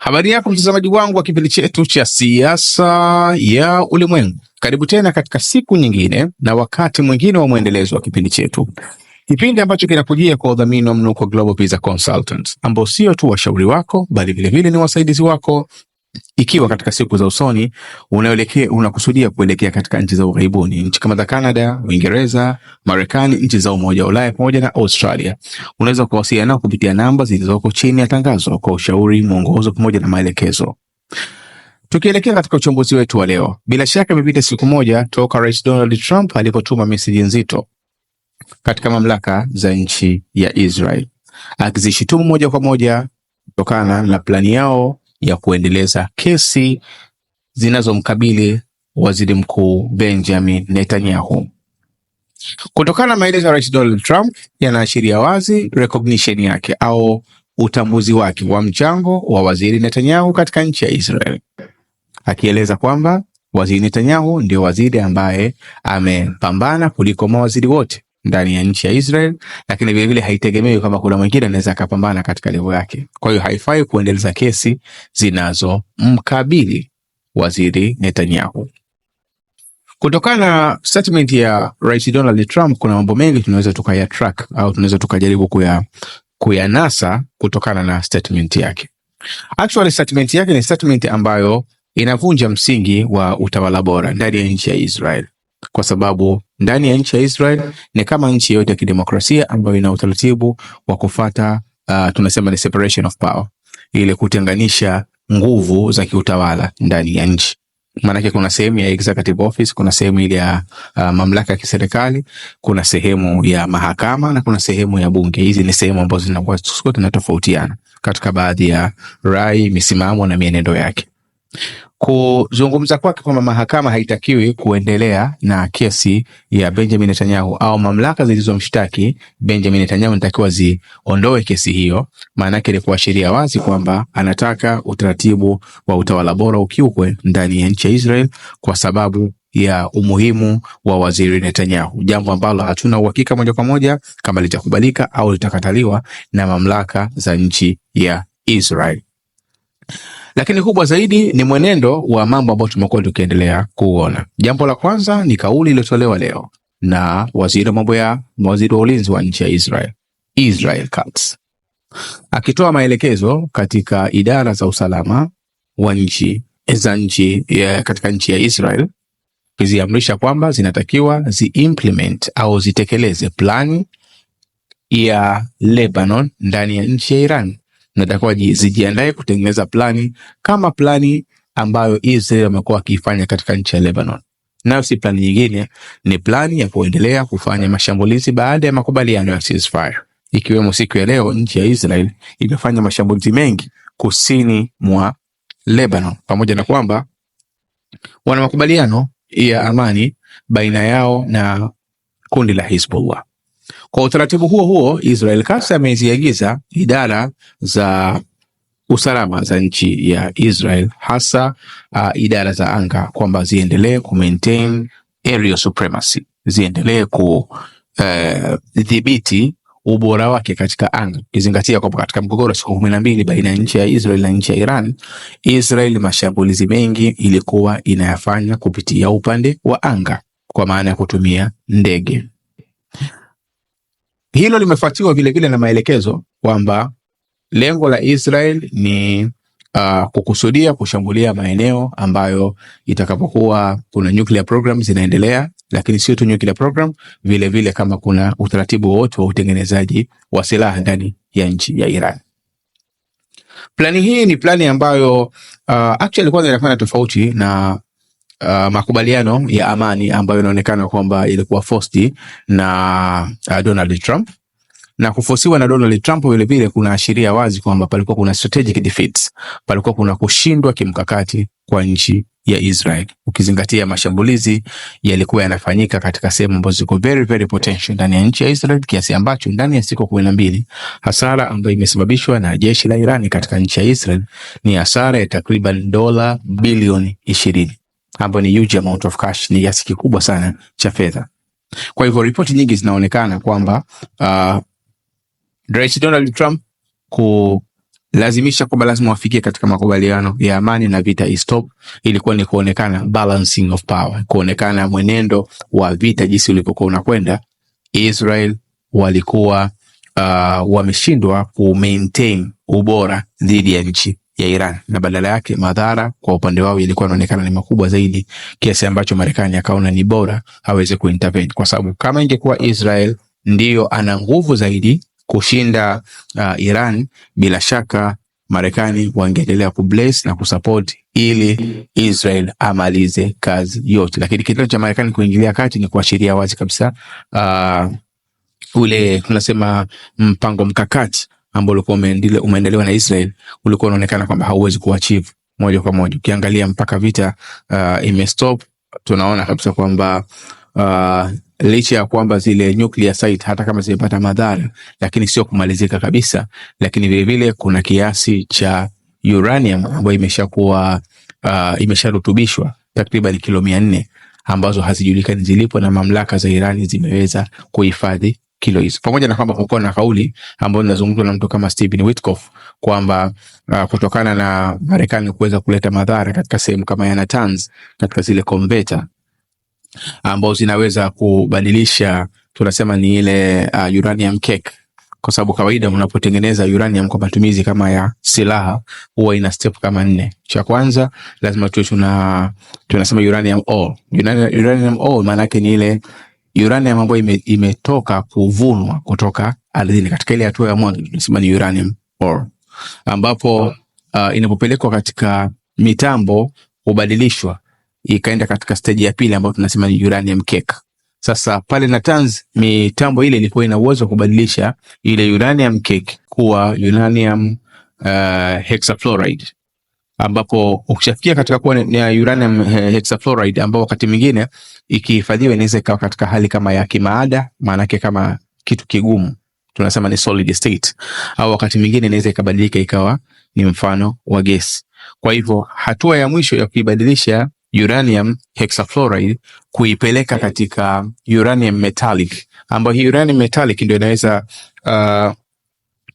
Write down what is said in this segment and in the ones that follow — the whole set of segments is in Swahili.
Habari yako mtazamaji wangu wa kipindi chetu cha siasa ya ulimwengu, karibu tena katika siku nyingine na wakati mwingine wa mwendelezo wa kipindi chetu, kipindi ambacho kinakujia kwa udhamini wa Mnuko Global Visa Consultants, ambao sio tu washauri wako bali vilevile ni wasaidizi wako ikiwa katika siku za usoni unaelekea unakusudia kuelekea katika nchi za ughaibuni, nchi kama za Canada, Uingereza, Marekani, nchi za Umoja wa Ulaya pamoja na Australia, unaweza kuwasiliana nao kupitia namba zilizoko chini ya tangazo kwa ushauri, mwongozo pamoja na maelekezo. Tukielekea katika uchambuzi wetu wa leo, bila shaka imepita siku moja toka Rais Donald Trump alipotuma meseji nzito katika mamlaka za nchi ya Israel akizishitumu moja kwa moja kutokana na plani yao ya kuendeleza kesi zinazomkabili waziri mkuu Benjamin Netanyahu. Kutokana na maelezo ya Rais Donald Trump, yanaashiria wazi recognition yake au utambuzi wake wa mchango wa waziri Netanyahu katika nchi ya Israel, akieleza kwamba waziri Netanyahu ndio waziri ambaye amepambana kuliko mawaziri wote ndani ya nchi ya Israel, lakini vilevile haitegemewi kama kuna mwingine anaweza akapambana katika levo yake. Kwa hiyo haifai kuendeleza kesi zinazomkabili waziri Netanyahu. Kutokana na statement ya Rais Donald Trump, kuna mambo mengi tunaweza tukaya track au tunaweza tukajaribu kuya kuyanasa kutokana na statement yake. Actually, statement yake ni statement ambayo inavunja msingi wa utawala bora ndani ya nchi ya Israel kwa sababu ndani ya nchi ya Israel ni kama nchi yote ya kidemokrasia ambayo ina utaratibu wa kufata uh, tunasema ni separation of power, ile kutenganisha nguvu za kiutawala ndani ya nchi. Maanake kuna sehemu ya executive office, kuna sehemu ile ya uh, mamlaka ya kiserikali, kuna sehemu ya mahakama na kuna sehemu ya bunge. Hizi ni sehemu ambazo zinakuwa zinatofautiana katika baadhi ya rai, misimamo na mienendo yake. Kuzungumza kwake kwamba mahakama haitakiwi kuendelea na kesi ya Benjamin Netanyahu au mamlaka zilizomshtaki Benjamin Netanyahu inatakiwa ziondoe kesi hiyo, maanake ni kuashiria wazi kwamba anataka utaratibu wa utawala bora ukiukwe ndani ya nchi ya Israel kwa sababu ya umuhimu wa waziri Netanyahu, jambo ambalo hatuna uhakika moja kwa moja kama litakubalika au litakataliwa na mamlaka za nchi ya Israel. Lakini kubwa zaidi ni mwenendo wa mambo ambayo tumekuwa tukiendelea kuona. Jambo la kwanza ni kauli iliyotolewa leo na waziri wa mambo ya waziri wa ulinzi wa nchi ya Israel, Israel Katz, akitoa maelekezo katika idara za usalama wa nchi za nchi katika nchi ya Israel kiziamrisha kwamba zinatakiwa ziimplement au zitekeleze plani ya Lebanon ndani ya nchi ya Iran zinatakiwa zijiandae kutengeneza plani kama plani ambayo Israel wamekuwa wakiifanya katika nchi ya Lebanon. Nayo si plani nyingine, ni plani ya kuendelea kufanya mashambulizi baada ya makubaliano ya ceasefire. Ikiwemo siku ya leo, nchi ya Israel imefanya mashambulizi mengi kusini mwa Lebanon, pamoja na kwamba wana makubaliano ya amani baina yao na kundi la Hezbollah. Kwa utaratibu huo huo, Israel Katz ameziagiza idara za usalama za nchi ya Israel hasa uh, idara za anga kwamba ziendelee ku maintain aerial supremacy, ziendelee kudhibiti eh, uh, ubora wake katika anga, izingatia kwamba katika mgogoro siku kumi na mbili baina ya nchi ya Israel na nchi ya Iran, Israel mashambulizi mengi ilikuwa inayafanya kupitia upande wa anga, kwa maana ya kutumia ndege. Hilo limefuatiwa vilevile na maelekezo kwamba lengo la Israel ni uh, kukusudia kushambulia maeneo ambayo itakapokuwa kuna nuclear program zinaendelea, lakini sio tu nuclear program, vile vile kama kuna utaratibu wowote wa utengenezaji wa silaha ndani ya nchi ya Iran. Plani hii ni plani ambayo uh, actually kwanza inafanya tofauti na uh, makubaliano ya amani ambayo inaonekana kwamba ilikuwa forced na uh, Donald Trump na kufosiwa na Donald Trump vile vile kuna ashiria wazi kwamba palikuwa kuna strategic defeats, palikuwa kuna kushindwa kimkakati kwa nchi ya Israel, ukizingatia mashambulizi yalikuwa yanafanyika katika sehemu ambazo ziko very very potential ndani ya nchi ya Israel, kiasi ambacho ndani ya siku kumi na mbili hasara ambayo imesababishwa na jeshi la Irani katika nchi ya Israel ni hasara ya takriban dola bilioni ishirini ambayo ni huge amount of cash, ni kiasi kikubwa sana cha fedha. Kwa hivyo ripoti nyingi zinaonekana kwamba uh, Rais Donald Trump kulazimisha kwamba lazima wafikie katika makubaliano ya amani na vita istop, ilikuwa ni kuonekana balancing of power, kuonekana mwenendo wa vita jinsi ulivyokuwa unakwenda. Israel walikuwa uh, wameshindwa ku maintain ubora dhidi ya nchi ya Iran na badala yake madhara kwa upande wao ilikuwa inaonekana ni makubwa zaidi, kiasi ambacho Marekani akaona ni bora aweze kuintervene, kwa sababu kama ingekuwa Israel ndiyo ana nguvu zaidi kushinda uh, Iran, bila shaka Marekani wangeendelea kubless na kusupport ili Israel amalize kazi yote, lakini kitendo cha Marekani kuingilia kati ni kuashiria wazi kabisa uh, ule tunasema mpango mkakati ambao ulikuwa umeendelea umeendelewa na Israel ulikuwa unaonekana kwamba hauwezi kuachieve moja kwa moja. Ukiangalia mpaka vita uh, imestop, tunaona kabisa kwamba uh, licha ya kwamba zile nuclear site hata kama zimepata madhara, lakini sio kumalizika kabisa. Lakini vile vile kuna kiasi cha uranium ambayo imeshakuwa uh, imesharutubishwa takriban kilo mia nne ambazo hazijulikani zilipo na mamlaka za Irani zimeweza kuhifadhi kilo hizo, pamoja na kwamba kulikuwa na kauli ambayo inazungumzwa na mtu kama Stephen Witkoff kwamba uh, kutokana na Marekani kuweza kuleta madhara katika sehemu kama ya Natanz katika zile konveta ambao zinaweza kubadilisha tunasema ni ile uh, uranium cake kwa sababu kawaida unapotengeneza uranium kwa matumizi kama ya silaha huwa ina step kama nne. Cha kwanza lazima tuwe tuna tunasema uranium ore. Uranium ore maana yake ni ile uranium ambayo ime, imetoka kuvunwa kutoka ardhini katika ile hatua ya mwanzo tunasema ni uranium ore, ambapo oh. uh, inapopelekwa katika mitambo hubadilishwa ikaenda katika steji ya pili ambayo tunasema ni uranium cake. Sasa pale Natanz mitambo ile ilikuwa ina uwezo wa kubadilisha ile uranium cake kuwa uranium uh, hexafluoride ambapo ukishafikia katika kuwa ni uranium eh, hexafluoride ambao wakati mwingine ikihifadhiwa inaweza ikawa katika hali kama ya kimaada, maana yake kama kitu kigumu tunasema ni solid state, au wakati mwingine inaweza ikabadilika ikawa ni mfano wa gesi. Kwa hivyo hatua ya mwisho ya kuibadilisha uranium hexafluoride kuipeleka katika uranium metallic, ambayo hii uranium metallic ndio inaweza uh,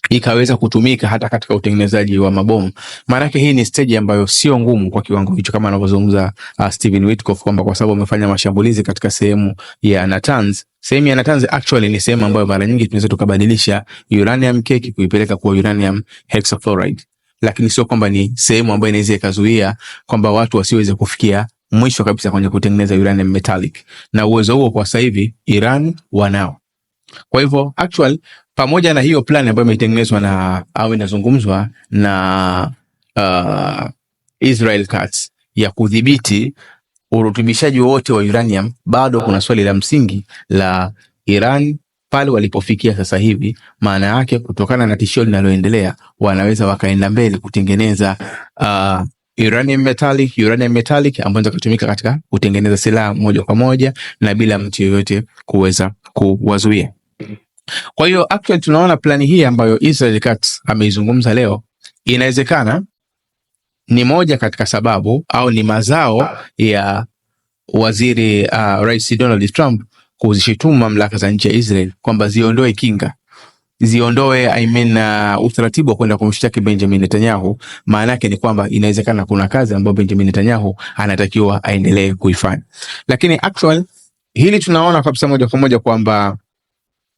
ikaweza kutumika hata katika utengenezaji wa mabomu. Maanake hii ni steji ambayo sio ngumu kwa kiwango hicho, kama anavyozungumza uh, Steven Witkoff kwamba kwa sababu amefanya mashambulizi katika sehemu ya Natanz sehemu ya Natanz actually ni sehemu ambayo mara nyingi tunaweza tukabadilisha uranium cake kuipeleka kuwa uranium hexafluoride, lakini sio kwamba ni sehemu ambayo inaweza ikazuia kwamba watu wasiweze kufikia mwisho kabisa kwenye kutengeneza uranium metallic, na uwezo huo kwa sasa hivi Iran wanao. Kwa hivyo actual pamoja na hiyo plan ambayo imetengenezwa na au inazungumzwa na uh, Israel Katz ya kudhibiti urutubishaji wote wa uranium, bado kuna swali la msingi la Iran pale walipofikia sasa hivi. Maana yake kutokana na tishio linaloendelea, wanaweza wakaenda mbele kutengeneza uh, uranium metallic, uranium metallic ambayo inaweza kutumika katika kutengeneza silaha moja kwa moja na bila mtu yoyote kuweza kuwazuia. Kwa hiyo actually tunaona plani hii ambayo Israel Katz ameizungumza leo inawezekana ni moja katika sababu au ni mazao ya waziri uh, Rais Donald Trump kuzishitumu mamlaka za nchi ya Israel kwamba ziondoe kinga ziondoe I mean, uh, utaratibu wa kwenda kumshtaki Benjamin Netanyahu. Maana yake ni kwamba inawezekana kuna kazi ambayo Benjamin Netanyahu anatakiwa aendelee kuifanya, lakini actual hili tunaona kabisa moja kwa moja kwamba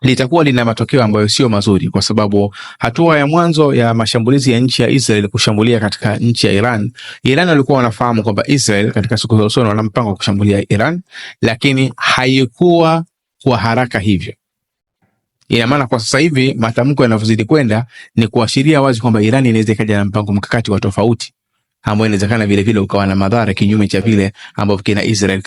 litakuwa lina matokeo ambayo sio mazuri, kwa sababu hatua ya mwanzo ya mashambulizi ya nchi ya Israel kushambulia katika nchi ya Iran, Iran walikuwa wanafahamu kwamba Israel katika siku za usoni wana mpango wa kushambulia Iran, lakini haikuwa kwa haraka hivyo. Ina maana kwa sasa hivi matamko yanavyozidi kwenda ni kuashiria wazi kwamba Iran inaweza ikaja na mpango mkakati wa tofauti ambao inawezekana vilevile ukawa na madhara kinyume cha vile ambavyo kina Israel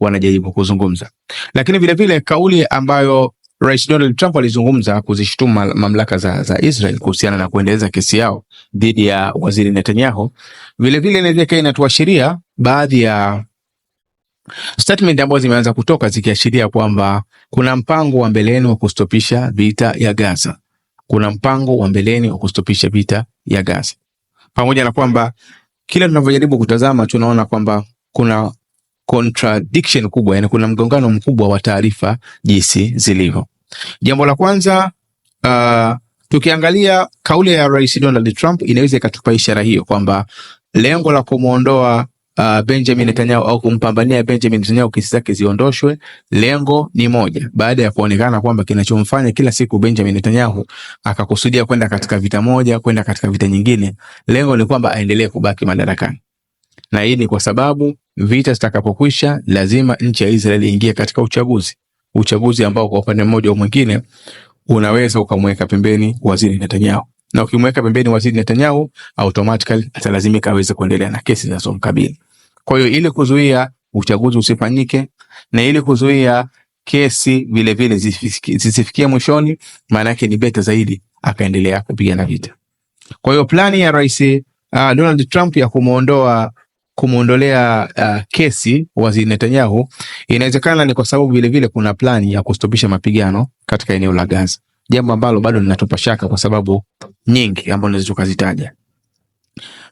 wanajaribu kuzungumza, lakini vilevile kauli ambayo Rais Donald Trump alizungumza kuzishtuma mamlaka za, za Israel kuhusiana na kuendeleza kesi yao dhidi ya waziri Netanyahu. Vilevile inaweza ikawa inatuashiria baadhi ya statement ambazo zimeanza kutoka zikiashiria kwamba kuna mpango wa mbeleni wa kustopisha vita ya Gaza, kuna mpango wa mbeleni wa kustopisha vita ya Gaza, pamoja na kwamba kila tunavyojaribu kutazama tunaona kwamba kuna contradiction kubwa, yani kuna mgongano mkubwa wa taarifa jinsi zilivyo. Jambo la kwanza uh, tukiangalia kauli ya Rais Donald Trump inaweza ikatupa ishara hiyo kwamba lengo la kumwondoa uh, Benjamin Netanyahu au kumpambania Benjamin Netanyahu, kesi zake ziondoshwe, lengo ni moja, baada ya kuonekana kwamba kinachomfanya kila siku Benjamin Netanyahu akakusudia kwenda katika vita moja kwenda katika vita nyingine, lengo ni kwamba aendelee kubaki madarakani na hii ni kwa sababu vita zitakapokwisha lazima nchi ya Israeli ingie katika uchaguzi, uchaguzi ambao kwa upande mmoja au mwingine unaweza ukamweka pembeni waziri Netanyahu, na ukimweka pembeni waziri Netanyahu automatically atalazimika aweze kuendelea na kesi zinazomkabili. Kwa hiyo ili kuzuia uchaguzi usifanyike na ili kuzuia kesi vile vile zisifikie mwishoni, maana yake ni beta zaidi akaendelea kupigana vita. Kwa hiyo plani ya rais uh, Donald Trump ya kumwondoa kumwondolea uh, kesi waziri Netanyahu, inawezekana ni kwa sababu vilevile kuna plani ya kustopisha mapigano katika eneo la Gaza, jambo ambalo bado linatupa shaka kwa sababu nyingi ambazo naweza tukazitaja.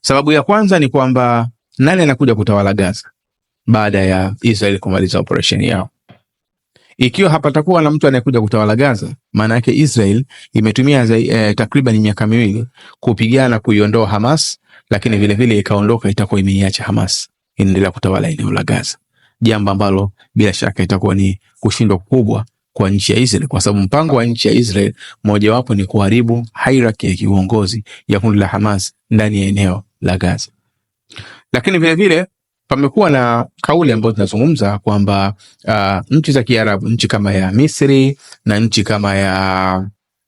Sababu ya kwanza ni kwamba nani anakuja kutawala Gaza baada ya Israel kumaliza operesheni yao? Ikiwa hapatakuwa na mtu anayekuja kutawala Gaza, maana yake Israel imetumia eh, takriban miaka miwili kupigana kuiondoa Hamas lakini vile vile ikaondoka, itakuwa imeiacha Hamas inaendelea kutawala eneo la Gaza, jambo ambalo bila shaka itakuwa ni kushindwa kubwa kwa nchi ya Israel kwa sababu mpango wa nchi ya Israel mojawapo ni kuharibu hierarchy ya kiuongozi ya kundi la Hamas ndani ya eneo la Gaza. Lakini vile vile pamekuwa na kauli ambayo zinazungumza kwamba uh, nchi za Kiarabu, nchi kama ya Misri na nchi kama ya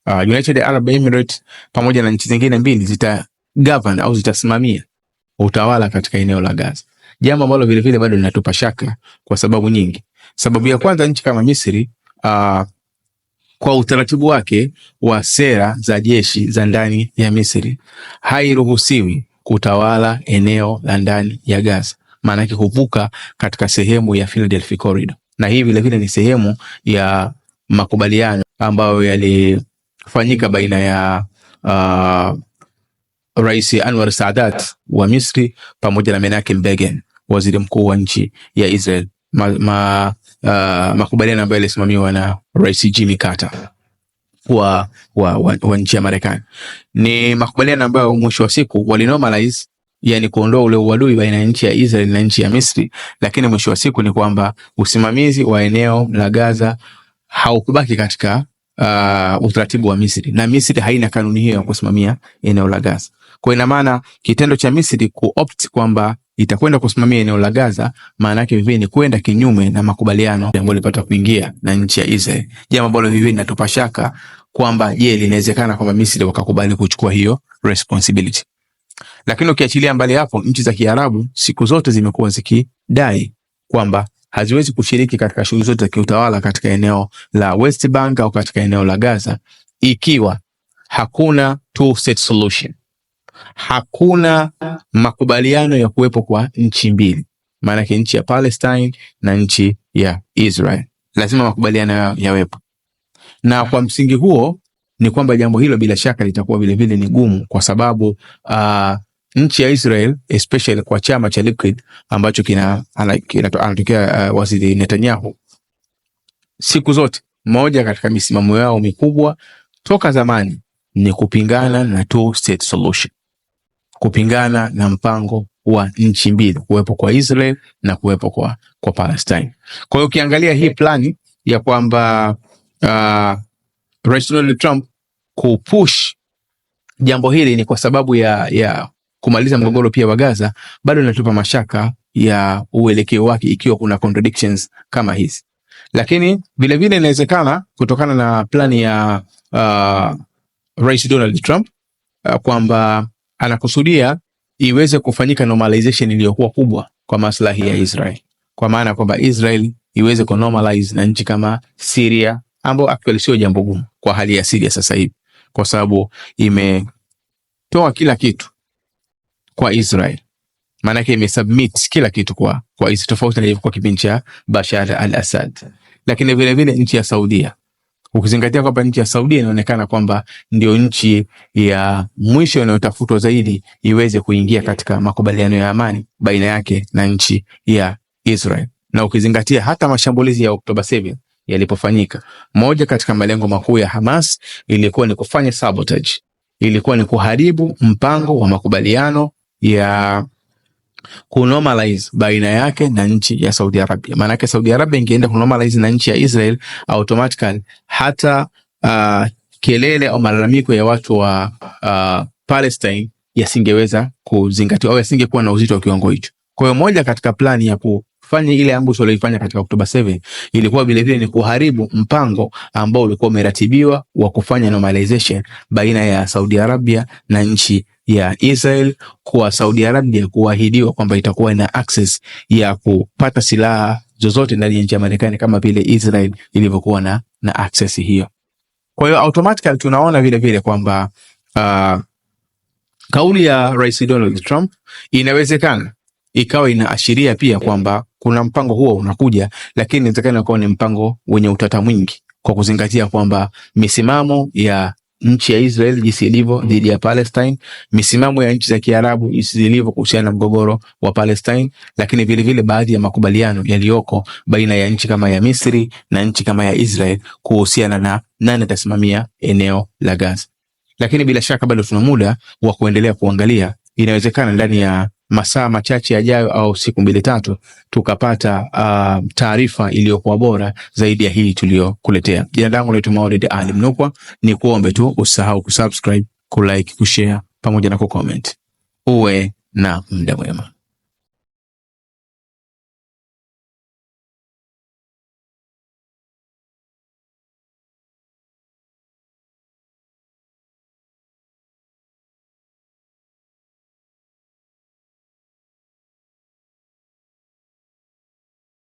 uh, United Arab Emirates pamoja na nchi zingine mbili zita govern au zitasimamia utawala katika eneo la Gaza, jambo ambalo vilevile bado linatupa shaka kwa sababu nyingi. Sababu ya kwanza, nchi kama Misri uh, kwa utaratibu wake wa sera za jeshi za ndani ya Misri hairuhusiwi kutawala eneo la ndani ya Gaza, maana yake kuvuka katika sehemu ya Philadelphia Corridor, na hii vilevile ni sehemu ya makubaliano ambayo yalifanyika baina ya uh, Rais Anwar Sadat wa Misri pamoja na Menachem Begin, waziri mkuu wa nchi ya Israel ma, ma, uh, makubaliano ambayo yalisimamiwa na Rais Jimmy Carter wa, wa, wa, wa nchi ya Marekani ni makubaliano ambayo mwisho wa siku walinormalize yani kuondoa ule uadui baina ya nchi ya Israel na nchi ya Misri, lakini mwisho wa siku ni kwamba usimamizi wa eneo la Gaza haukubaki katika uh, utaratibu wa Misri na Misri haina kanuni hiyo ya kusimamia eneo la Gaza. Kwa ina maana kitendo cha Misri kuopt kwamba itakwenda kusimamia eneo la Gaza, maana yake vivyo ni kwenda kinyume na makubaliano ambayo ilipata kuingia na nchi ya Israel, jambo ambalo vivyo linatupa shaka kwamba je, linawezekana kwamba Misri wakakubali kuchukua hiyo responsibility. Lakini ukiachilia mbali hapo, nchi za Kiarabu siku zote zimekuwa zikidai kwamba haziwezi kushiriki katika shughuli zote za kiutawala katika eneo la West Bank au katika eneo la Gaza ikiwa hakuna two state solution hakuna makubaliano ya kuwepo kwa nchi mbili, maanake nchi ya Palestine na nchi ya Israel, lazima makubaliano yawepo. Na kwa msingi huo ni kwamba jambo hilo bila shaka litakuwa vilevile ni gumu, kwa sababu uh, nchi ya Israel especially kwa chama cha Likud ambacho kina kinatokea uh, ah, waziri Netanyahu, siku zote moja katika misimamo yao mikubwa toka zamani ni kupingana na two state solution kupingana na mpango wa nchi mbili, kuwepo kwa Israel na kuwepo kwa, kwa Palestine. Kwa hiyo ukiangalia hii plani ya kwamba uh, Rais Donald Trump kupush jambo hili ni kwa sababu ya, ya kumaliza mgogoro pia wa Gaza, bado inatupa mashaka ya uelekeo wake ikiwa kuna contradictions kama hizi, lakini vilevile inawezekana kutokana na plani ya uh, Rais Donald Trump uh, kwamba anakusudia iweze kufanyika normalization iliyokuwa kubwa kwa maslahi ya Israel, kwa maana kwamba Israel iweze kunormalize na nchi kama Syria, ambao actually sio jambo gumu kwa hali ya Syria sasa hivi, kwa sababu imetoa kila kitu kwa Israel, maana yake imesubmit kila kitu kwa kwa Israel, tofauti na ilivyokuwa kipindi cha Bashar al-Assad. Lakini vilevile nchi ya Saudia ukizingatia kwamba nchi ya Saudia inaonekana kwamba ndio nchi ya mwisho inayotafutwa zaidi iweze kuingia katika makubaliano ya amani baina yake na nchi ya Israel, na ukizingatia hata mashambulizi ya Oktoba 7 yalipofanyika, moja katika malengo makuu ya Hamas ilikuwa ni kufanya sabotage, ilikuwa ni kuharibu mpango wa makubaliano ya kunormalize baina yake na nchi ya Saudi Arabia. Maana yake Saudi Arabia ingeenda kunormalize na nchi ya Israel, automatically hata uh, kelele au malalamiko ya watu wa uh, Palestine yasingeweza kuzingatiwa au yasingekuwa na uzito wa kiwango hicho. Kwa hiyo moja katika plani ya ku fanye ile ambush walioifanya katika Oktoba 7 ilikuwa vile vile ni kuharibu mpango ambao ulikuwa umeratibiwa wa kufanya normalization baina ya Saudi Arabia na nchi ya Israel, kwa Saudi Arabia kuahidiwa kwamba itakuwa ina access ya kupata silaha zozote ndani ya nchi ya Marekani kama vile Israel ilivyokuwa na, na access hiyo. Kwa hiyo automatically tunaona vile vile kwamba uh, kauli ya Rais Donald Trump inawezekana ikawa inaashiria pia kwamba yeah kuna mpango huo unakuja, lakini inawezekana kuwa ni mpango wenye utata mwingi, kwa kuzingatia kwamba misimamo ya nchi ya Israel jinsi ilivyo mm. dhidi ya Palestine, misimamo ya nchi za Kiarabu jinsi ilivyo kuhusiana na mgogoro wa Palestine, lakini vilevile baadhi ya makubaliano yaliyoko baina ya nchi kama ya Misri na nchi kama ya Israel kuhusiana na nani atasimamia eneo la Gaza. Lakini bila shaka bado tuna muda wa kuendelea kuangalia, inawezekana ndani ya masaa machache yajayo au siku mbili tatu tukapata uh, taarifa iliyokuwa bora zaidi ya hii tuliyokuletea. Jina langu naitwa Maulid Ali Mnukwa, ni kuombe tu usahau kusubscribe, kulike, kushare pamoja na kucomment. Uwe na muda mwema.